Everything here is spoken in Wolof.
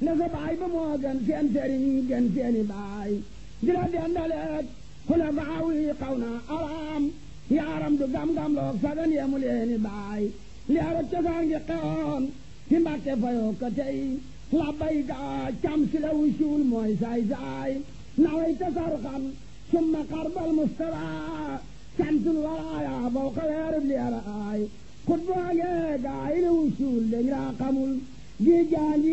na sa ba moo gën seen sëriñ di la dendaleeg ku ne faaw yi na araam yaaram du gam-gam loog sagan yemu leeni baay leeru cosaan gi xewoon ci mbàkke fayoo ko tey labbay gaa cam si la wusuul mooy saay-saay naway tasar xam summa xarbal mustara santul waraaya baw ko weerub leera aay xut boo gee gaa yi wusuul dañ laa xamul gi